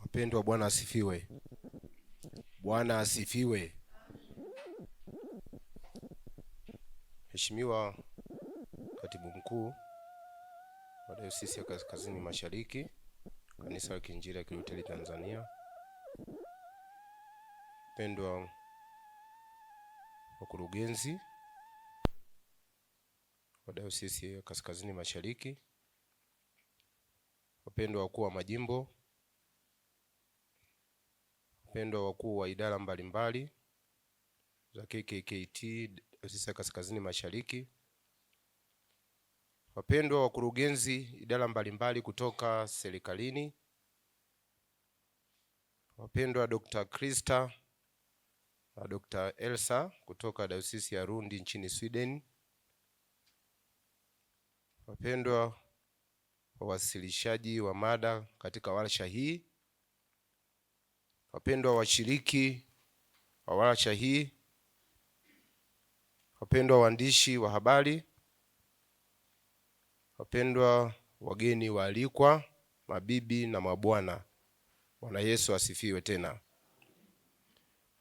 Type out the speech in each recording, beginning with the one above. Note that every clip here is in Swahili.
Wapendwa, Bwana asifiwe. Bwana asifiwe. Mheshimiwa Katibu Mkuu wa Dayosisi ya Kaskazini Mashariki, Kanisa la Kiinjili ya Kilutheri Tanzania, pendwa wakurugenzi wa Dayosisi ya Kaskazini Mashariki, wapendwa wakuu wa majimbo, wapendwa wakuu wa idara mbalimbali za KKKT Dayosisi ya Kaskazini Mashariki, wapendwa wakurugenzi idara mbalimbali kutoka serikalini, wapendwa Dr. Krista Dr. Elsa kutoka Dayosisi ya Rundi nchini Sweden. Wapendwa wawasilishaji wa mada katika warsha hii, wapendwa washiriki wa warsha hii, wapendwa waandishi wa habari, wapendwa wageni waalikwa, mabibi na mabwana, Bwana Yesu asifiwe tena.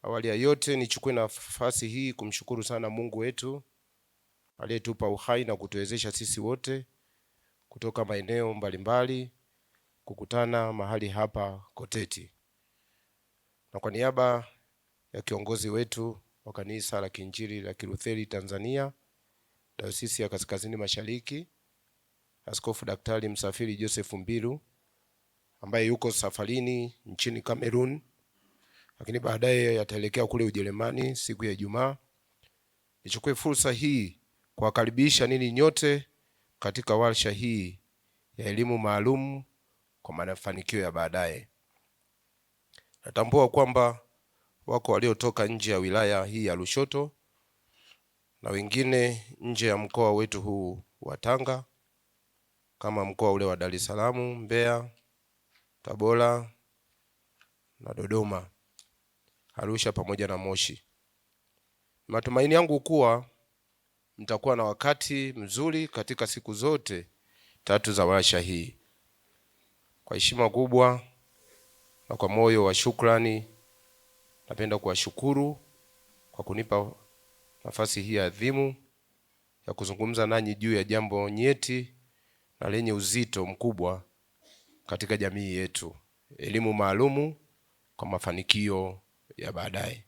Awali ya yote nichukue nafasi hii kumshukuru sana Mungu wetu aliyetupa uhai na kutuwezesha sisi wote kutoka maeneo mbalimbali kukutana mahali hapa Koteti, na kwa niaba ya kiongozi wetu wa Kanisa la Kiinjili la Kilutheri Tanzania Dayosisi ya Kaskazini Mashariki, Askofu Daktari Msafiri Joseph Mbilu ambaye yuko safarini nchini Kamerun lakini baadaye yataelekea kule Ujerumani siku ya Ijumaa. Nichukue fursa hii kuwakaribisha nini nyote katika warsha hii ya elimu maalum kwa mafanikio ya baadaye. Natambua kwamba wako waliotoka nje ya wilaya hii ya Lushoto na wengine nje ya mkoa wetu huu wa Tanga kama mkoa ule wa Dar es Salaam, Mbeya, Tabora na Dodoma. Arusha pamoja na Moshi. Matumaini yangu kuwa mtakuwa na wakati mzuri katika siku zote tatu za warsha hii. Kwa heshima kubwa na kwa moyo wa shukrani, napenda kuwashukuru kwa kunipa nafasi hii adhimu ya kuzungumza nanyi juu ya jambo nyeti na lenye uzito mkubwa katika jamii yetu, elimu maalumu kwa mafanikio ya baadaye.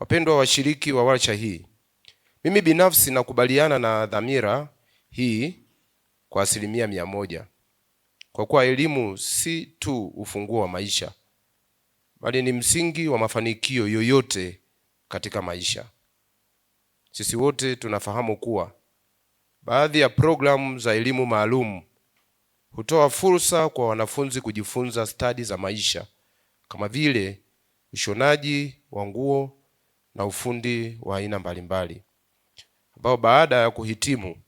Wapendwa washiriki wa warsha hii, mimi binafsi nakubaliana na dhamira hii kwa asilimia mia moja, kwa kuwa elimu si tu ufunguo wa maisha, bali ni msingi wa mafanikio yoyote katika maisha. Sisi wote tunafahamu kuwa baadhi ya programu za elimu maalum hutoa fursa kwa wanafunzi kujifunza stadi za maisha kama vile ushonaji wa nguo na ufundi wa aina mbalimbali, ambao baada ya kuhitimu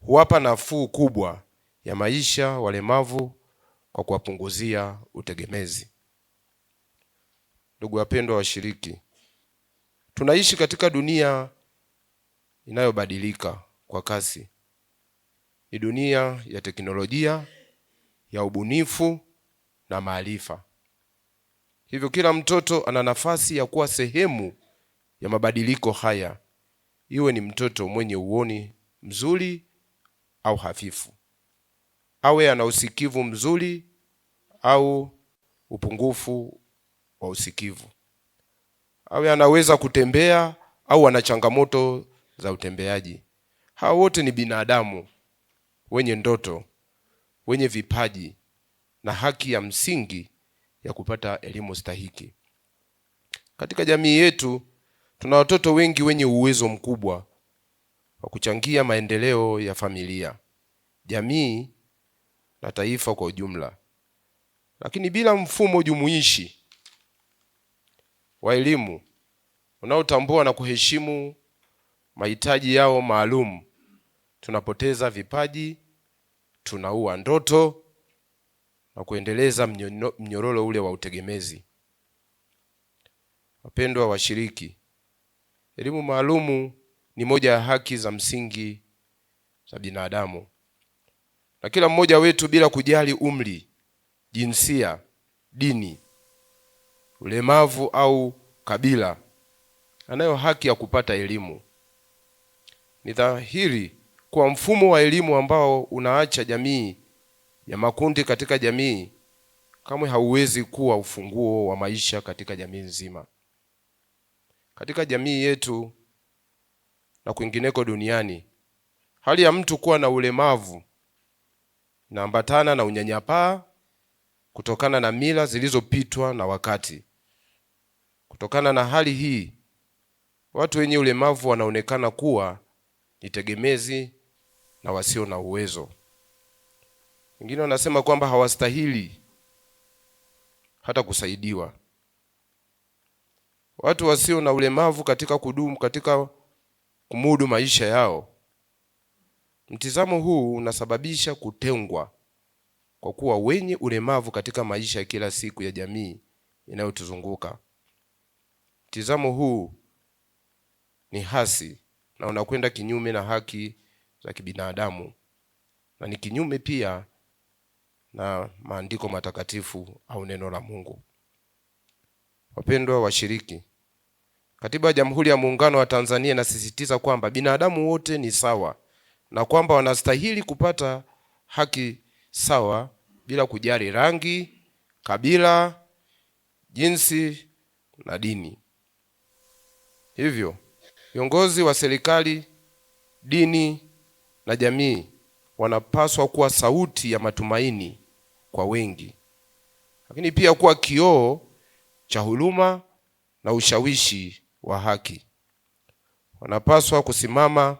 huwapa nafuu kubwa ya maisha walemavu kwa kuwapunguzia utegemezi. Ndugu wapendwa washiriki, tunaishi katika dunia inayobadilika kwa kasi. Ni dunia ya teknolojia, ya ubunifu na maarifa. Hivyo kila mtoto ana nafasi ya kuwa sehemu ya mabadiliko haya, iwe ni mtoto mwenye uoni mzuri au hafifu, awe ana usikivu mzuri au upungufu wa usikivu, awe anaweza kutembea au ana changamoto za utembeaji. Hawa wote ni binadamu wenye ndoto, wenye vipaji na haki ya msingi ya kupata elimu stahiki. Katika jamii yetu tuna watoto wengi wenye uwezo mkubwa wa kuchangia maendeleo ya familia, jamii na taifa kwa ujumla, lakini bila mfumo jumuishi wa elimu unaotambua na kuheshimu mahitaji yao maalum, tunapoteza vipaji, tunaua ndoto na kuendeleza mnyororo ule wa utegemezi. Wapendwa washiriki, elimu maalumu ni moja ya haki za msingi za binadamu, na kila mmoja wetu bila kujali umri, jinsia, dini, ulemavu au kabila, anayo haki ya kupata elimu. Ni dhahiri kuwa mfumo wa elimu ambao unaacha jamii ya makundi katika jamii kamwe hauwezi kuwa ufunguo wa maisha katika jamii nzima. Katika jamii yetu na kwingineko duniani, hali ya mtu kuwa na ulemavu inaambatana na unyanyapaa kutokana na mila zilizopitwa na wakati. Kutokana na hali hii, watu wenye ulemavu wanaonekana kuwa ni tegemezi na wasio na uwezo. Wengine wanasema kwamba hawastahili hata kusaidiwa. Watu wasio na ulemavu katika kudumu katika kumudu maisha yao, mtizamo huu unasababisha kutengwa kwa kuwa wenye ulemavu katika maisha ya kila siku ya jamii inayotuzunguka. Mtizamo huu ni hasi na unakwenda kinyume na haki za kibinadamu na ni kinyume pia na maandiko matakatifu au neno la Mungu. Wapendwa washiriki, Katiba ya Jamhuri ya Muungano wa Tanzania inasisitiza kwamba binadamu wote ni sawa na kwamba wanastahili kupata haki sawa bila kujali rangi, kabila, jinsi na dini. Hivyo viongozi wa serikali, dini na jamii wanapaswa kuwa sauti ya matumaini kwa wengi, lakini pia kuwa kioo cha huruma na ushawishi wa haki. Wanapaswa kusimama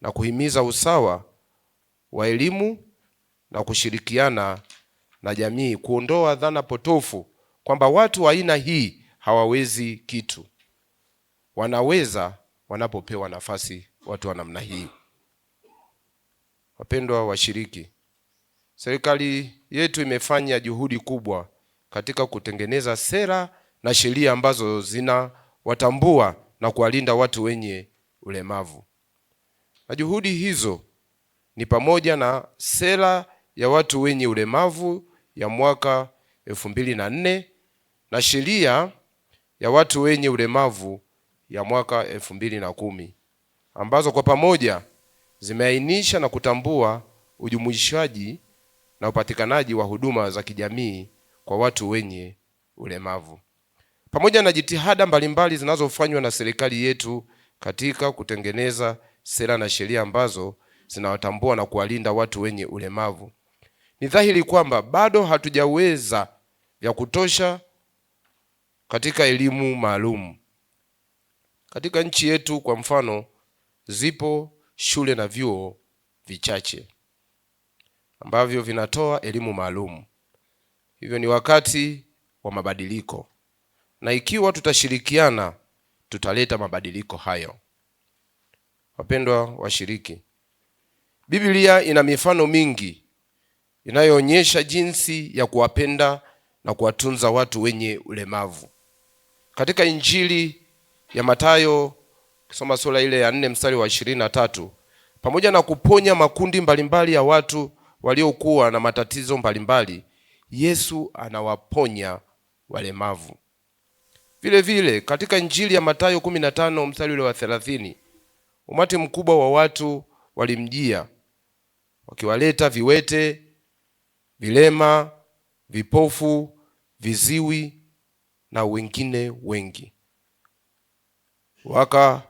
na kuhimiza usawa wa elimu na kushirikiana na jamii kuondoa dhana potofu kwamba watu wa aina hii hawawezi kitu. Wanaweza wanapopewa nafasi watu wa namna hii. Wapendwa washiriki, serikali yetu imefanya juhudi kubwa katika kutengeneza sera na sheria ambazo zinawatambua na kuwalinda watu wenye ulemavu, na juhudi hizo ni pamoja na sera ya watu wenye ulemavu ya mwaka elfu mbili na nne na sheria ya watu wenye ulemavu ya mwaka elfu mbili na kumi ambazo kwa pamoja zimeainisha na kutambua ujumuishaji na upatikanaji wa huduma za kijamii kwa watu wenye ulemavu. Pamoja na jitihada mbalimbali zinazofanywa na serikali yetu katika kutengeneza sera na sheria ambazo zinawatambua na kuwalinda watu wenye ulemavu, ni dhahiri kwamba bado hatujaweza vya kutosha katika elimu maalum. Katika nchi yetu kwa mfano, zipo shule na vyuo vichache ambavyo vinatoa elimu maalum. Hivyo ni wakati wa mabadiliko, na ikiwa tutashirikiana tutaleta mabadiliko hayo. Wapendwa washiriki, Biblia ina mifano mingi inayoonyesha jinsi ya kuwapenda na kuwatunza watu wenye ulemavu. Katika Injili ya matayo Ukisoma sura ile ya nne mstari wa ishirini na tatu pamoja na kuponya makundi mbalimbali ya watu waliokuwa na matatizo mbalimbali, Yesu anawaponya walemavu. Vile vile katika Injili ya Mathayo 15 mstari ule wa 30, umati mkubwa wa watu walimjia wakiwaleta viwete, vilema, vipofu, viziwi na wengine wengi waka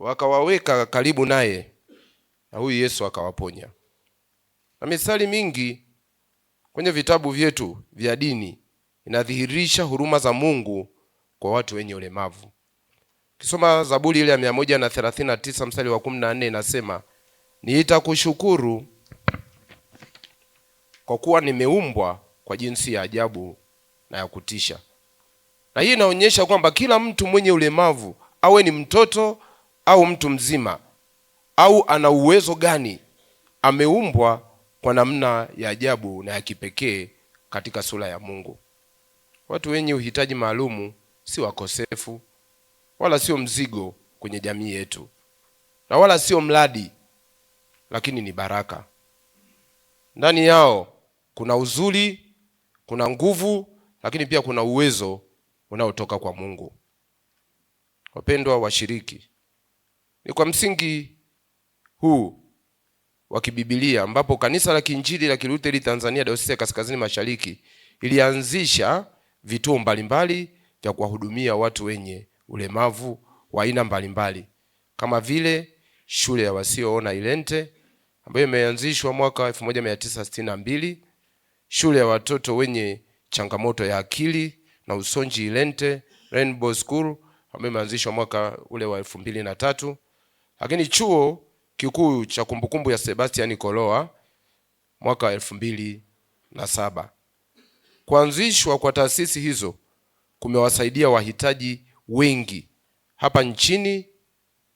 wakawaweka karibu naye, na huyu Yesu akawaponya. Na mistari mingi kwenye vitabu vyetu vya dini inadhihirisha huruma za Mungu kwa watu wenye ulemavu. Kisoma Zaburi ile ya 139 mstari wa 14 inasema, kushukuru kwa kuwa nimeumbwa kwa jinsi ya ajabu na ya kutisha. Na hii inaonyesha kwamba kila mtu mwenye ulemavu awe ni mtoto au mtu mzima au ana uwezo gani, ameumbwa kwa namna ya ajabu na ya kipekee katika sura ya Mungu. Watu wenye uhitaji maalumu si wakosefu wala sio mzigo kwenye jamii yetu na wala sio mradi, lakini ni baraka. Ndani yao kuna uzuri, kuna nguvu, lakini pia kuna uwezo unaotoka kwa Mungu. Wapendwa washiriki, ni kwa msingi huu wa kibibilia ambapo kanisa la Kiinjili la Kilutheri Tanzania Dayosisi ya Kaskazini Mashariki ilianzisha vituo mbalimbali vya kuwahudumia watu wenye ulemavu wa aina mbalimbali kama vile shule ya wasioona Ilente ambayo imeanzishwa mwaka 1962, shule ya watoto wenye changamoto ya akili na usonji Ilente Rainbow School ambayo imeanzishwa mwaka ule wa elfu mbili na tatu. Lakini chuo kikuu cha kumbukumbu ya Sebastian Koloa mwaka elfu mbili na saba. Kuanzishwa kwa taasisi hizo kumewasaidia wahitaji wengi hapa nchini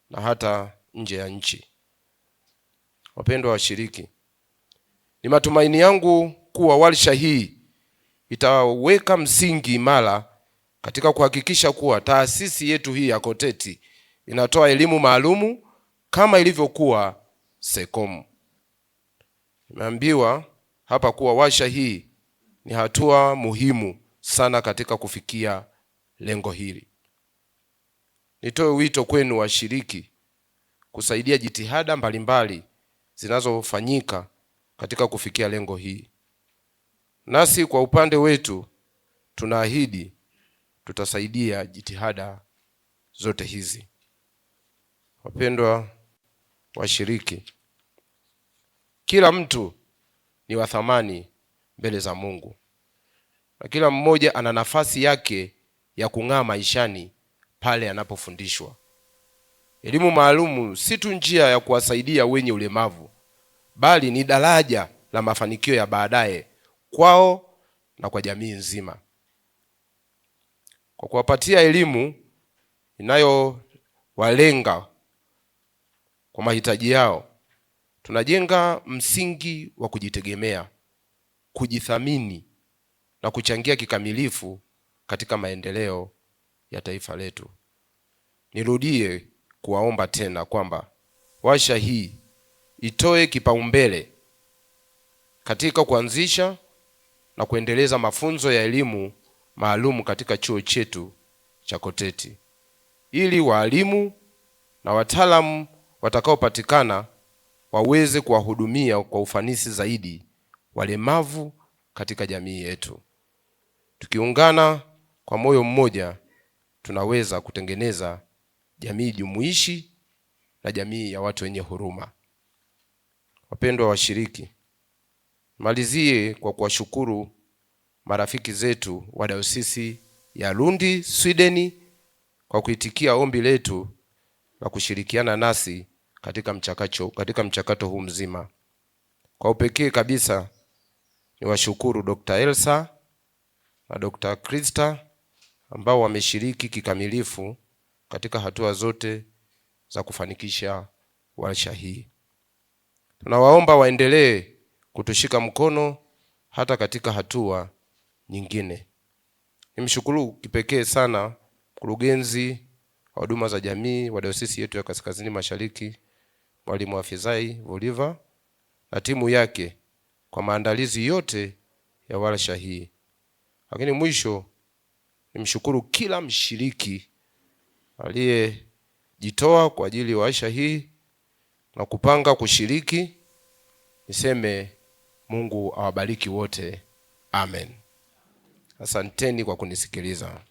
na hata nje ya nchi. Wapendwa washiriki, ni matumaini yangu kuwa warsha hii itaweka msingi imara katika kuhakikisha kuwa taasisi yetu hii ya KOTETI inatoa elimu maalumu kama ilivyokuwa Sekomu. imeambiwa hapa kuwa washa hii ni hatua muhimu sana katika kufikia lengo hili. Nitoe wito kwenu washiriki kusaidia jitihada mbalimbali zinazofanyika katika kufikia lengo hili. Nasi kwa upande wetu tunaahidi tutasaidia jitihada zote hizi. Wapendwa washiriki. Kila mtu ni wa thamani mbele za Mungu na kila mmoja ana nafasi yake ya kung'aa maishani pale anapofundishwa. Elimu maalumu si tu njia ya kuwasaidia wenye ulemavu, bali ni daraja la mafanikio ya baadaye kwao na kwa jamii nzima. Kwa kuwapatia elimu inayowalenga kwa mahitaji yao. Tunajenga msingi wa kujitegemea, kujithamini na kuchangia kikamilifu katika maendeleo ya taifa letu. Nirudie kuwaomba tena kwamba washa hii itoe kipaumbele katika kuanzisha na kuendeleza mafunzo ya elimu maalumu katika chuo chetu cha Koteti ili waalimu na wataalamu watakaopatikana waweze kuwahudumia kwa ufanisi zaidi walemavu katika jamii yetu. Tukiungana kwa moyo mmoja, tunaweza kutengeneza jamii jumuishi na jamii ya watu wenye huruma. Wapendwa washiriki, malizie kwa kuwashukuru marafiki zetu wa Dayosisi ya Lindi, Sweden kwa kuitikia ombi letu na kushirikiana nasi katika mchakato, katika mchakato huu mzima. Kwa upekee kabisa ni washukuru Dr. Elsa na Dr. Krista ambao wameshiriki kikamilifu katika hatua zote za kufanikisha warsha hii. Tunawaomba waendelee kutushika mkono hata katika hatua nyingine. Nimshukuru kipekee sana mkurugenzi wahuduma huduma za jamii wa dayosisi yetu ya Kaskazini Mashariki, Mwalimu Afizai Voliva na timu yake kwa maandalizi yote ya warsha hii. Lakini mwisho nimshukuru kila mshiriki aliyejitoa kwa ajili ya warsha hii na kupanga kushiriki. Niseme Mungu awabariki wote, amen. Asanteni kwa kunisikiliza.